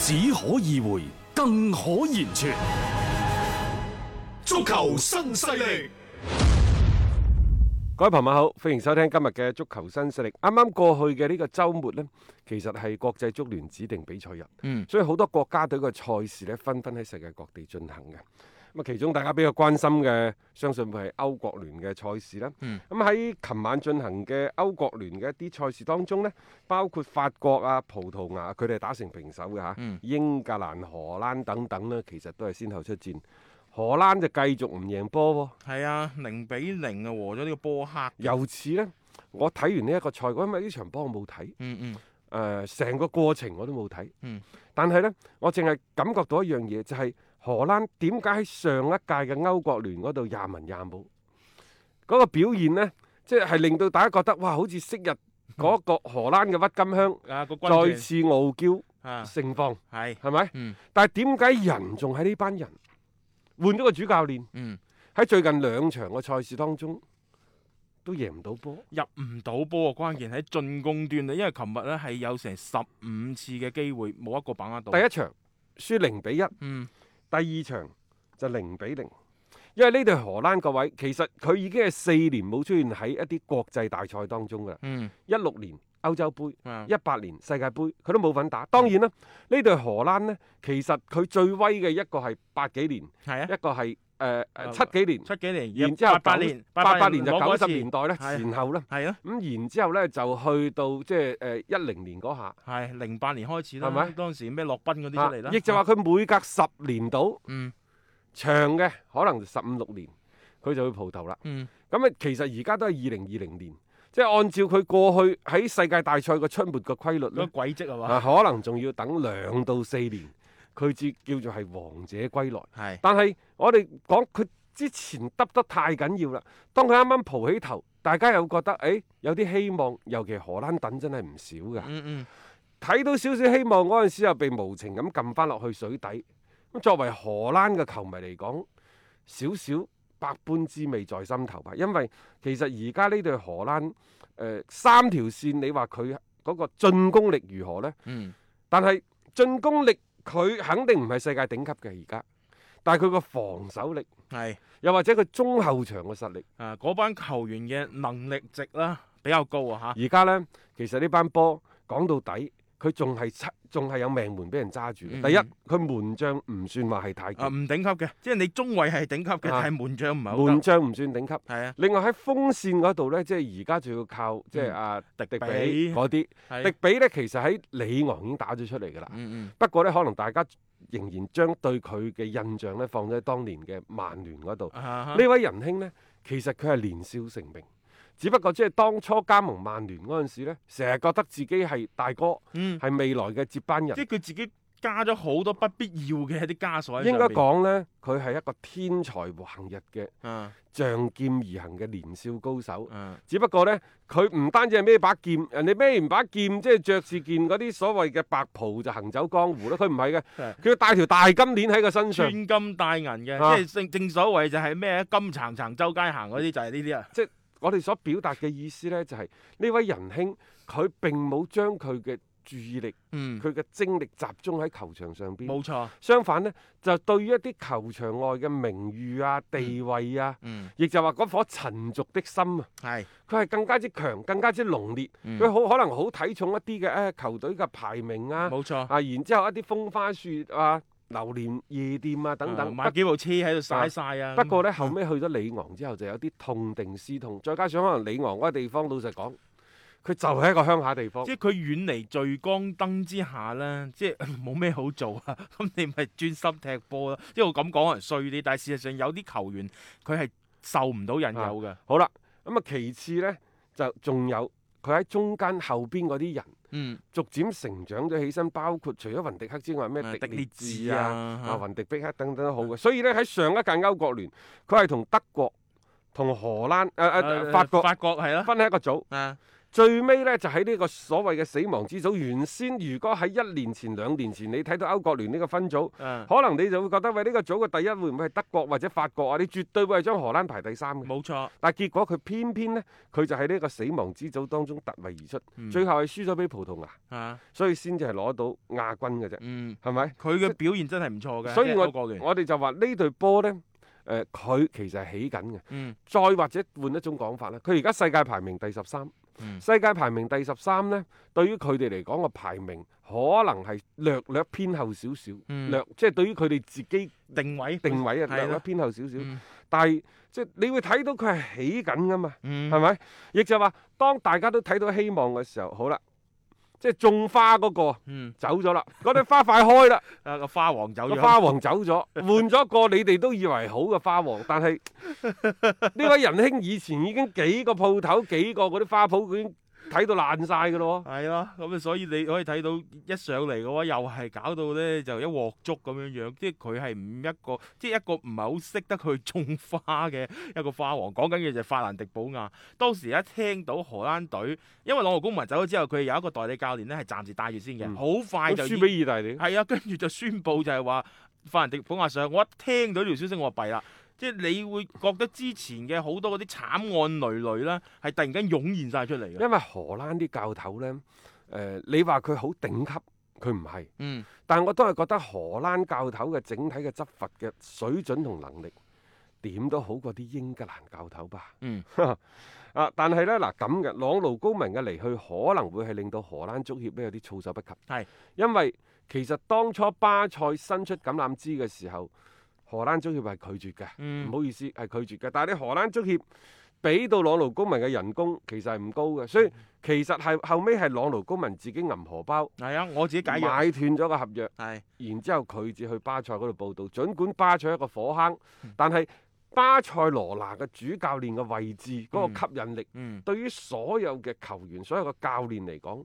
只可意會，更可言傳。足球新勢力。各位朋友好，歡迎收聽今日嘅足球新勢力。啱啱過去嘅呢個周末呢，其實係國際足聯指定比賽日，嗯，所以好多國家隊嘅賽事呢，紛紛喺世界各地進行嘅。咁其中大家比較關心嘅，相信會係歐國聯嘅賽事啦。咁喺琴晚進行嘅歐國聯嘅一啲賽事當中呢，包括法國啊、葡萄牙，佢哋打成平手嘅吓、啊。嗯、英格蘭、荷蘭等等呢，其實都係先後出戰。荷蘭就繼續唔贏波喎、哦。係啊，零比零啊，和咗呢個波黑。由此呢，我睇完呢一個賽果，因為呢場波我冇睇、嗯。嗯嗯。誒、呃，成個過程我都冇睇。嗯、但係呢，我淨係感覺到一樣嘢，就係、是。荷蘭點解喺上一屆嘅歐國聯嗰度廿文廿武？嗰個表現咧，即係令到大家覺得哇，好似昔日嗰個荷蘭嘅鬱金香啊，再次傲嬌盛放，係係咪？但係點解人仲喺呢班人換咗個主教練？嗯，喺最近兩場嘅賽事當中都贏唔到波，入唔到波啊！關鍵喺進攻端啊，因為琴日咧係有成十五次嘅機會冇一個把握到。第一場輸零比一，嗯。第二場就零比零，因為呢隊荷蘭各位其實佢已經係四年冇出現喺一啲國際大賽當中㗎喇。嗯，一六年歐洲杯，一八、嗯、年世界盃佢都冇份打。當然啦，呢隊、嗯、荷蘭呢，其實佢最威嘅一個係八幾年，啊、一個係。誒誒七幾年，七幾年，然之後八八年，八八年就九十年代咧，前後咧，係咯。咁然之後咧，就去到即係誒一零年嗰下，係零八年開始啦。係咪當時咩洛賓嗰啲出嚟啦？亦就話佢每隔十年到，嗯，長嘅可能十五六年，佢就會蒲頭啦。嗯，咁啊，其實而家都係二零二零年，即係按照佢過去喺世界大賽嘅出沒嘅規律，個軌跡係嘛？可能仲要等兩到四年。佢只叫做係王者歸來，是但係我哋講佢之前得得太緊要啦。當佢啱啱蒲起頭，大家又覺得誒、欸、有啲希望，尤其荷蘭等真係唔少㗎。睇、嗯嗯、到少少希望嗰陣時，又被無情咁撳翻落去水底。咁作為荷蘭嘅球迷嚟講，少少百般滋味在心頭吧。因為其實而家呢隊荷蘭誒、呃、三條線，你話佢嗰個進攻力如何呢？嗯、但係進攻力。佢肯定唔係世界頂級嘅而家，但係佢個防守力，係，又或者佢中後場嘅實力，啊嗰班球員嘅能力值啦比較高啊吓，而家咧，其實呢班波講到底。佢仲係七，仲係有命門俾人揸住。第一，佢門將唔算話係太，啊唔頂級嘅，即係你中位係頂級嘅，但係門將唔係好。門將唔算頂級，係啊。另外喺風扇嗰度咧，即係而家仲要靠即係阿迪迪比嗰啲。迪比咧，其實喺里昂已經打咗出嚟㗎啦。嗯嗯。不過咧，可能大家仍然將對佢嘅印象咧放咗喺當年嘅曼聯嗰度。呢位仁兄咧，其實佢係年少成名。只不過即係當初加盟曼聯嗰陣時咧，成日覺得自己係大哥，係、嗯、未來嘅接班人。即係佢自己加咗好多不必要嘅一啲枷鎖。應該講咧，佢係一個天才橫溢嘅，仗劍、嗯、而行嘅年少高手。嗯、只不過咧，佢唔單止係孭把劍，人哋孭唔把劍，即係着住件嗰啲所謂嘅白袍就行走江湖咯。佢唔係嘅，佢要帶條大金鏈喺個身上，穿金戴銀嘅，即係正正所謂就係咩金橙橙周街行嗰啲就係呢啲啊。是 我哋所表達嘅意思呢，就係、是、呢位仁兄佢並冇將佢嘅注意力，佢嘅、嗯、精力集中喺球場上邊。冇錯。相反呢，就對於一啲球場外嘅名譽啊、地位啊，亦、嗯嗯、就話嗰顆塵俗的心、啊，係佢係更加之強，更加之濃烈。佢好、嗯、可能好睇重一啲嘅誒球隊嘅排名啊，冇錯啊，然之後一啲風花雪啊。流連夜店啊，等等、嗯，買幾部車喺度曬晒啊。嗯、樣不過咧，後尾去咗里昂之後，嗯、就有啲痛定思痛，再加上可能里昂嗰個地方，老實講，佢就係一個鄉下地方。嗯、即係佢遠離聚光燈之下咧，即係冇咩好做啊。咁、嗯、你咪專心踢波咯。即係我咁講可能衰啲，但係事實上有啲球員佢係受唔到引誘嘅、嗯。好啦，咁、嗯、啊，其次咧就仲有。佢喺中間後邊嗰啲人、嗯，逐漸成長咗起身，包括除咗雲迪克之外，咩迪列治啊、嗯、雲迪碧克等等，等等都好嘅。嗯、所以咧喺上一屆歐國聯，佢係同德國、同荷蘭、誒、呃、誒、呃呃、法國、法國係咯，分喺一個組。啊。最尾呢，就喺呢個所謂嘅死亡之組，原先如果喺一年前、兩年前你睇到歐國聯呢個分組，嗯、可能你就會覺得喂呢、呢個組嘅第一會唔會係德國或者法國啊？你絕對會係將荷蘭排第三嘅。冇錯，但係結果佢偏偏呢，佢就喺呢個死亡之組當中突圍而出，嗯、最後係輸咗俾葡萄牙，啊、所以先至係攞到亞軍嘅啫。係咪、嗯？佢嘅表現真係唔錯嘅。所以我我哋就話呢隊波呢，佢、呃、其實係起緊嘅。嗯、再或者換一種講法呢，佢而家世界排名第十三。世界排名第十三呢，對於佢哋嚟講個排名可能係略略偏後少少，嗯、略即係、即係、對於佢哋自己定位定位啊略、嗯、略偏後少少，嗯、但係即係你會睇到佢係起緊噶嘛，係咪、嗯？亦就話當大家都睇到希望嘅時候，好啦。即係種花嗰、那個、嗯、走咗啦，嗰、那、啲、個、花快開啦、 啊，個花王走咗，花王走咗， 換咗個你哋都以為好嘅花王，但係呢 位仁兄以前已經幾個鋪頭，幾個嗰啲花鋪已經。睇到爛晒㗎咯喎，係咯，咁啊所以你可以睇到一上嚟嘅話又係搞到咧，就一鑊粥咁樣樣，即係佢係唔一個，即係一個唔係好識得去種花嘅一個花王。講緊嘅就係法蘭迪保亞，當時一聽到荷蘭隊，因為朗豪公唔係走咗之後，佢有一個代理教練咧係暫時帶住先嘅，好、嗯、快就輸俾意大利，係啊，跟住就宣佈就係話法蘭迪保亞上，我一聽到條消息我弊啦。即係你會覺得之前嘅好多嗰啲慘案累累呢，係突然間湧現晒出嚟。因為荷蘭啲教頭呢，你話佢好頂級，佢唔係。嗯。但我都係覺得荷蘭教頭嘅整體嘅執法嘅水準同能力，點都好過啲英格蘭教頭吧。嗯。但係呢，嗱咁嘅朗奴高明嘅離去，可能會係令到荷蘭足協咧有啲措手不及。係。因為其實當初巴塞伸出橄欖枝嘅時候。荷蘭足協係拒絕嘅，唔、嗯、好意思係拒絕嘅。但係你荷蘭足協俾到朗奴公民嘅人工其實係唔高嘅，所以其實係後尾係朗奴公民自己銀荷包。係啊，我自己解約買斷咗個合約，的然之後佢至去巴塞嗰度報道，儘管巴塞一個火坑，嗯、但係巴塞羅那嘅主教練嘅位置嗰、那個吸引力，嗯嗯、對於所有嘅球員、所有嘅教練嚟講。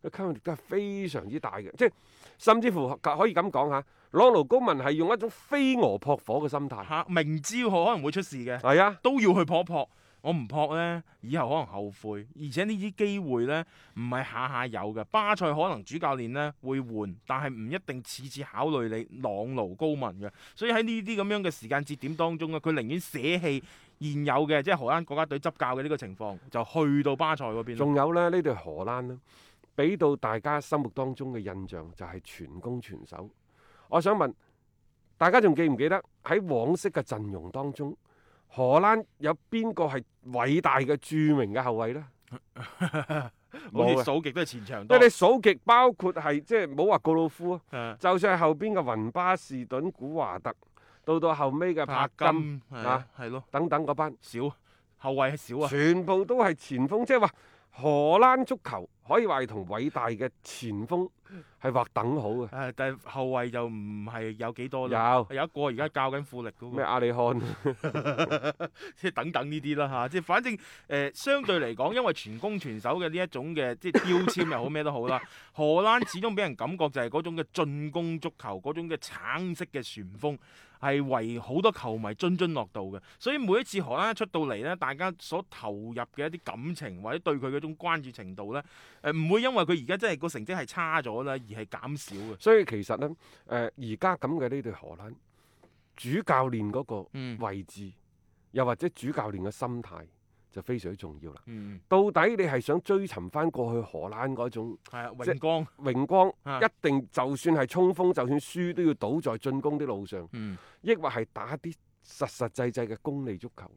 個吸引力真係非常之大嘅，即係甚至乎可以咁講嚇，朗奴高文係用一種飛蛾撲火嘅心態嚇，明知可能會出事嘅，係啊，都要去撲撲。我唔撲呢，以後可能後悔。而且呢啲機會呢，唔係下下有嘅。巴塞可能主教練呢會換，但係唔一定次次考慮你朗奴高文嘅。所以喺呢啲咁樣嘅時間節點當中啊，佢寧願捨棄現有嘅，即係荷蘭國家隊執教嘅呢個情況，就去到巴塞嗰邊。仲有呢，呢隊荷蘭啦。俾到大家心目當中嘅印象就係、是、全攻全守。我想問大家仲記唔記得喺往昔嘅陣容當中，荷蘭有邊個係偉大嘅著名嘅後衞呢？冇你 的數極都係前場多。即係你數極，包括係即係冇話高魯夫，的就算係後邊嘅雲巴士頓、古華特，到到後尾嘅柏金，柏金啊，係咯的，等等嗰班少後衞係少啊，全部都係前鋒，即係話荷蘭，蘭足球。可以話係同偉大嘅前鋒係劃等號嘅。誒、啊，但係後衞就唔係有幾多啦。有、啊、有一個而家教緊富力嘅、那、咩、個、阿里漢？即係 等等呢啲啦嚇，即係反正誒、呃，相對嚟講，因為全攻全守嘅呢一種嘅即係標籤又好咩都好啦， 荷蘭始終俾人感覺就係嗰種嘅進攻足球，嗰種嘅橙色嘅旋風。係為好多球迷津津樂道嘅，所以每一次荷蘭一出到嚟咧，大家所投入嘅一啲感情或者對佢嗰種關注程度呢，誒唔會因為佢而家真係個成績係差咗啦，而係減少嘅。所以其實呢，誒而家咁嘅呢隊荷蘭主教練嗰個位置，嗯、又或者主教練嘅心態。就非常重要啦。嗯、到底你係想追尋翻過去荷蘭嗰種係啊，榮光榮光，啊、一定就算係衝鋒，就算輸都要倒在進攻的路上。抑或係打啲實實際際嘅功利足球。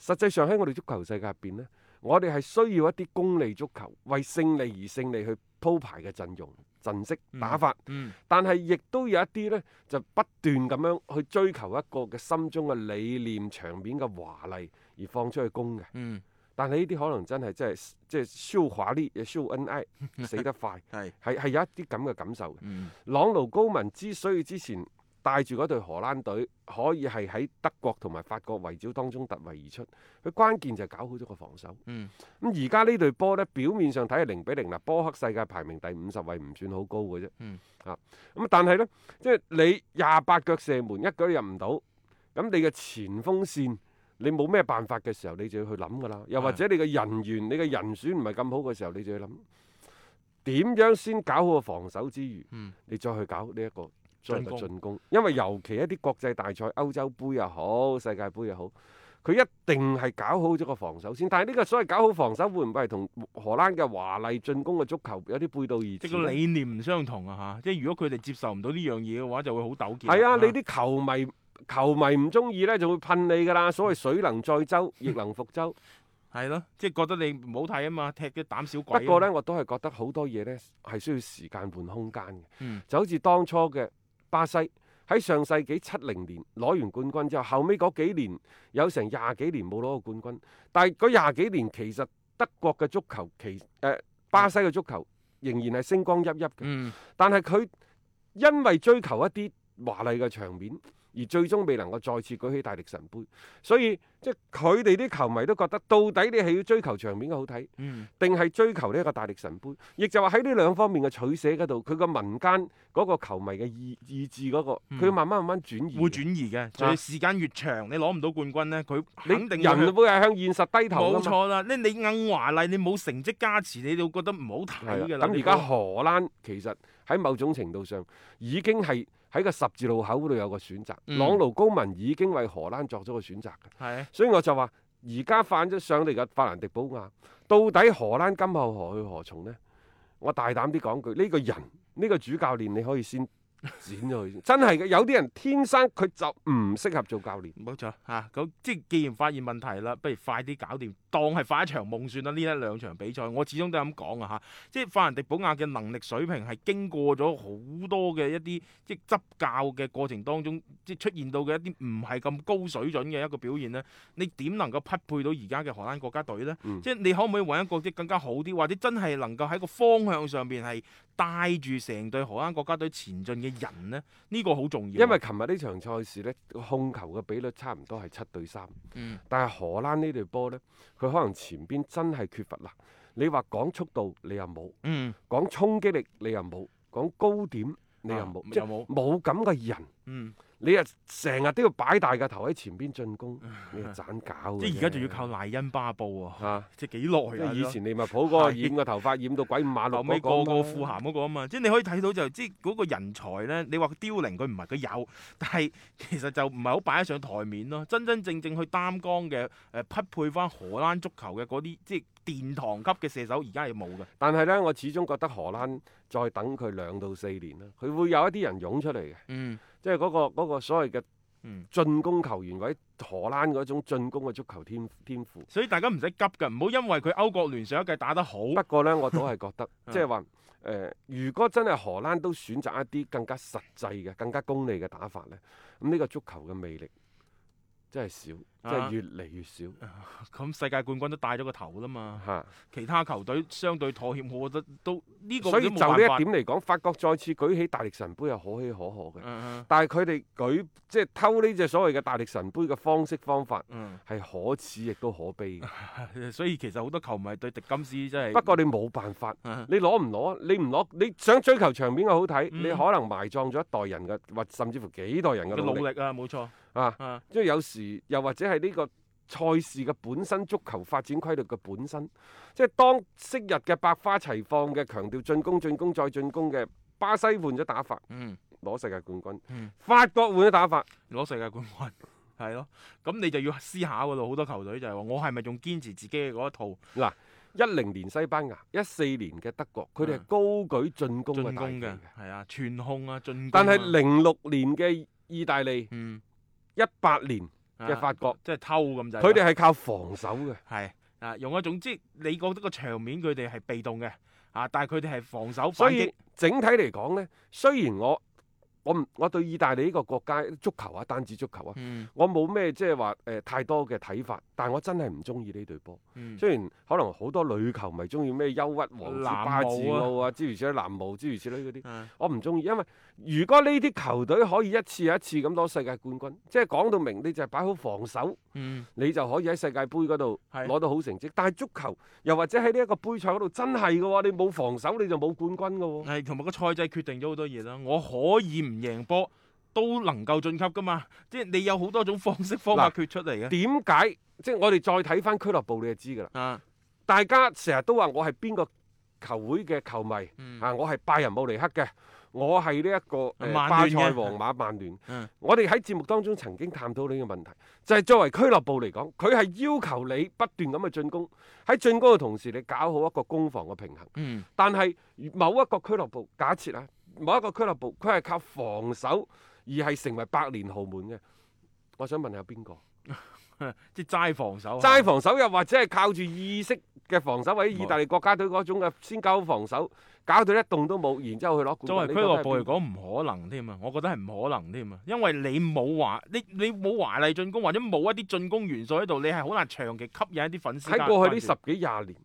實際上喺我哋足球世界入邊呢，我哋係需要一啲功利足球，為勝利而勝利去鋪排嘅陣容。陣式打法，嗯嗯、但係亦都有一啲咧，就不斷咁樣去追求一個嘅心中嘅理念場面嘅華麗而放出去攻嘅。嗯，但係呢啲可能真係即係即係 Show 華啲 Show 恩愛，即係即係、 死得快係係係有一啲咁嘅感受嘅。嗯、朗奴高文之所以之前。帶住嗰隊荷蘭隊，可以係喺德國同埋法國圍剿當中突圍而出。佢關鍵就係搞好咗個防守。嗯。咁而家呢隊波呢，表面上睇係零比零嗱，波克世界排名第五十位，唔算好高嘅啫。嗯。啊。咁但係呢，即係你廿八腳射門，一腳入唔到，咁你嘅前鋒線，你冇咩辦法嘅時候，你就要去諗噶啦。又或者你嘅人員，嗯、你嘅人選唔係咁好嘅時候，你就要諗點樣先搞好個防守之餘，嗯、你再去搞呢、這、一個。所以咪進攻，因為尤其一啲國際大賽，歐洲杯又好，世界盃又好，佢一定係搞好咗個防守先。但係呢個所謂搞好防守，會唔會係同荷蘭嘅華麗進攻嘅足球有啲背道而馳？即個理念唔相同啊！嚇，即係如果佢哋接受唔到呢樣嘢嘅話，就會好糾結，啊。係啊，你啲球迷，啊、球迷唔中意呢，就會噴你噶啦。所謂水能載舟，亦、嗯、能覆舟。係咯， 即係覺得你唔好睇啊嘛，踢嘅膽小鬼，啊。不過呢，我都係覺得好多嘢呢係需要時間換空間嘅。嗯、就好似當初嘅。巴西喺上世紀七零年攞完冠軍之後，後尾嗰幾年有成廿幾年冇攞過冠軍，但係嗰廿幾年其實德國嘅足球，其、呃、巴西嘅足球仍然係星光熠熠嘅，嗯、但係佢因為追求一啲華麗嘅場面。而最終未能夠再次舉起大力神杯，所以即係佢哋啲球迷都覺得，到底你係要追求場面嘅好睇，定係、嗯、追求呢一個大力神杯？亦就話喺呢兩方面嘅取捨嗰度，佢個民間嗰個球迷嘅意意志嗰、嗰個，佢、嗯、慢慢慢慢轉移，會轉移嘅。所以時間越長，你攞唔到冠軍呢，佢肯定你人會係向現實低頭。冇錯啦，你硬華麗，你冇成績加持，你都覺得唔好睇。咁而家荷蘭其實喺某種程度上已經係，喺個十字路口嗰度有個選擇，嗯、朗奴高文已經為荷蘭作咗個選擇嘅，的所以我就話：而家犯咗上嚟嘅法蘭迪保亞，到底荷蘭今後何去何從呢？我大膽啲講句，呢、呢個人呢、呢個主教練你可以先剪咗佢， 真係嘅，有啲人天生佢就唔適合做教練，冇錯吓。咁、啊、即係既然發現問題啦，不如快啲搞掂。當係發一場夢算啦，呢一兩場比賽，我始終都係咁講啊吓，即係法蘭迪寶亞嘅能力水平係經過咗好多嘅一啲即係執教嘅過程當中，即係出現到嘅一啲唔係咁高水準嘅一個表現呢。你點能夠匹配到而家嘅荷蘭國家隊呢？嗯、即係你可唔可以揾一個即更加好啲，或者真係能夠喺個方向上邊係帶住成隊荷蘭國家隊前進嘅人呢？呢、呢個好重要。因為琴日呢場賽事呢，控球嘅比率差唔多係七對三，嗯、但係荷蘭呢隊波呢，佢可能前邊真係缺乏啦，你話講速度你又冇，講、嗯、衝擊力你又冇，講高點你又冇，啊、即冇咁嘅人。嗯你啊，成日都要擺大個頭喺前邊進攻，你盞搞，即係而家仲要靠賴恩巴布喎，即係幾耐啊？啊，以前利物浦嗰個染個頭髮染到鬼五馬六個， 個個富鹹嗰個啊嘛，即係 你可以睇到就即係嗰個人才咧。你話佢凋零佢唔係，佢有，但係其實就唔係好擺得上台面咯。真真正正去擔綱嘅誒匹配翻荷蘭足球嘅嗰啲即係殿堂級嘅射手，而家係冇嘅。但係咧，我始終覺得荷蘭再等佢兩到四年啦，佢會有一啲人湧出嚟嘅。嗯。即係嗰個所謂嘅進攻球員，嗯、或者荷蘭嗰種進攻嘅足球天天賦。所以大家唔使急㗎，唔好因為佢歐國聯上一季打得好。不過呢，我都係覺得，即係話誒，如果真係荷蘭都選擇一啲更加實際嘅、更加功利嘅打法呢，咁、嗯、呢、這個足球嘅魅力。真係少，啊、真係越嚟越少。咁、啊、世界冠軍都帶咗個頭啦嘛，啊、其他球隊相對妥協，我覺得都呢、呢個。所以就呢一點嚟講，法國再次舉起大力神杯係可喜可賀嘅。啊啊、但係佢哋舉即係偷呢隻所謂嘅大力神杯嘅方式方法，係、啊、可恥亦都可悲、啊。所以其實好多球迷對迪金斯真係，不過你冇辦法，啊、你攞唔攞？你唔攞，你想追求場面嘅好睇，嗯、你可能埋葬咗一代人嘅，或甚至乎幾代人嘅努力，嗯、努力啊！冇錯。啊，即係、啊、有時又或者係呢個賽事嘅本身足球發展規律嘅本身，即係當昔日嘅百花齊放嘅強調進攻、進攻再進攻嘅巴西換咗打法，嗯，攞世界冠軍；嗯、法國換咗打法，攞世界冠軍，係咯、哦。咁你就要思考喎，好多球隊就係話：我係咪仲堅持自己嘅嗰一套？嗱、啊，一零年西班牙、一四年嘅德國，佢哋係高舉進攻嘅打法嘅，係啊，啊，全控啊進攻啊，但係零六年嘅意大利，嗯。嗯一八年嘅法國，啊、即係偷咁滯、就是。佢哋係靠防守嘅，係啊，用一種即你覺得個場面，佢哋係被動嘅啊，但係佢哋係防守反擊。所以整體嚟講咧，雖然我。我唔，我對意大利呢個國家足球啊，單止足球啊，嗯、我冇咩即係話誒太多嘅睇法，但係我真係唔中意呢隊波。嗯、雖然可能好多女球迷中意咩憂鬱王子、巴治奧啊之、啊、如此類藍帽之如此類嗰啲，的我唔中意，因為如果呢啲球隊可以一次一次咁攞世界冠軍，即係講到明你就係擺好防守，你就可以喺世界盃嗰度攞到好成績。但係足球又或者喺呢一個杯賽嗰度真係嘅喎，你冇防守你就冇冠軍嘅喎、哦。係，同埋個賽制決定咗好多嘢啦。我可以。唔贏波都能夠晉級噶嘛？即係你有好多種方式方法決出嚟嘅。點解、啊？即係我哋再睇翻俱樂部，你就知噶啦。啊、大家成日都話我係邊個球會嘅球迷、嗯、啊，我係拜仁慕尼黑嘅，我係呢一個誒、呃，巴塞、皇馬、曼聯。我哋喺節目當中曾經探討呢個問題，啊、就係作為俱樂部嚟講，佢係要求你不斷咁去進攻，喺進攻嘅同時，你搞好一個攻防嘅平衡。嗯、但係某一個俱樂部，假設咧。某一個俱樂部，佢係靠防守而係成為百年豪門嘅。我想問下邊個？即係齋防守，齋防守又或者係靠住意識嘅防守，或者，意，是或者意大利國家隊嗰種嘅先夠防守，搞到一動都冇，然之後去攞冠軍。作為俱樂部嚟講，唔可能添啊！我覺得係唔可能添啊，因為你冇華你你冇華麗進攻，或者冇一啲進攻元素喺度，你係好難長期吸引一啲粉絲。喺過去呢十幾廿年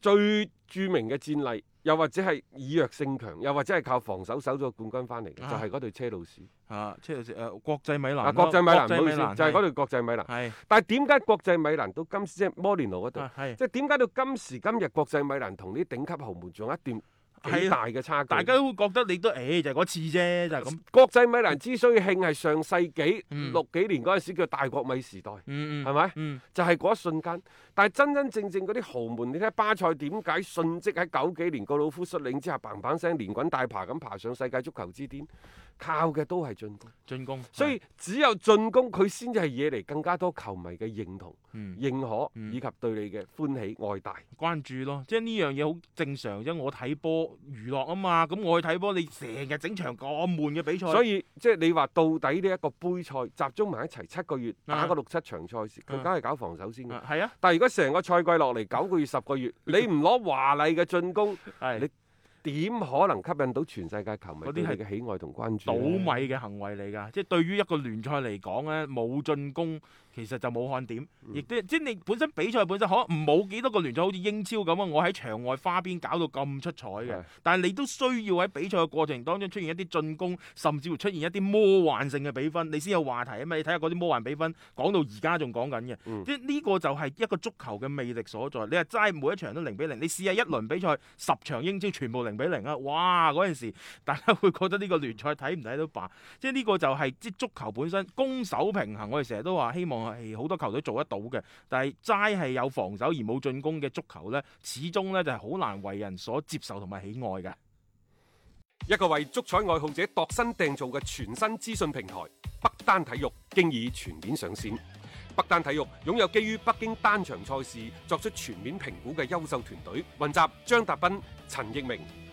最著名嘅戰例。又或者係以弱勝強，又或者係靠防守守咗冠軍翻嚟嘅，就係嗰隊車路士。啊，車路士，誒，國際米蘭。啊，國際米蘭，唔好意思，就係嗰隊國際米蘭。係。但係點解國際米蘭到今即係摩連奴嗰度？即係點解到今時今日，國際米蘭同啲頂級豪門仲有一段幾大嘅差距？大家都覺得你都，誒，就係嗰次啫，就係咁。國際米蘭之所以興係上世紀六幾年嗰陣時叫大國米時代。嗯，係咪？就係嗰一瞬間。但係真真正正嗰啲豪門，你睇巴塞點解迅即喺九幾年高魯夫率領之下，嘭嘭聲連滾帶爬咁爬上世界足球之巔，靠嘅都係進攻。進攻，所以只有進攻佢先至係惹嚟，更加多球迷嘅認同、認可以及對你嘅歡喜、愛戴、嗯嗯、關注咯。即係呢樣嘢好正常啫。我睇波娛樂啊嘛，咁我去睇波，你成日整場咁悶嘅比賽，所以即係你話到底呢一個杯賽集中埋一齊七個月打個六七場賽事，佢梗係搞防守先嘅。係、嗯、啊，啊啊啊啊但係。如果成個賽季落嚟九個月十個月，你唔攞華麗嘅進攻，係 你，點可能吸引到全世界球迷啲嘅喜愛同關注？倒米嘅行為嚟㗎，即係對於一個聯賽嚟講咧，冇進攻其實就冇看點，亦都、嗯、即係你本身比賽本身可能冇幾多個聯賽好似英超咁啊，我喺場外花邊搞到咁出彩嘅，是但係你都需要喺比賽嘅過程當中出現一啲進攻，甚至會出現一啲魔幻性嘅比分，你先有話題啊嘛！你睇下嗰啲魔幻比分，講到而家仲講緊嘅，嗯、即係呢個就係一個足球嘅魅力所在。你話齋每一場都零比零，你試下一輪比賽十場英超全部零。零比零啊！哇，嗰陣時大家會覺得呢個聯賽睇唔睇都罷，即係呢個就係即係足球本身攻守平衡。我哋成日都話希望係好多球隊做得到嘅，但係齋係有防守而冇進攻嘅足球呢，始終呢就係好難為人所接受同埋喜愛嘅。一個為足彩愛好者度身訂造嘅全新資訊平台北單體育，經已全面上線。北單體育擁有基於北京單場賽事作出全面評估嘅優秀團隊，雲集張達斌、陳亦明。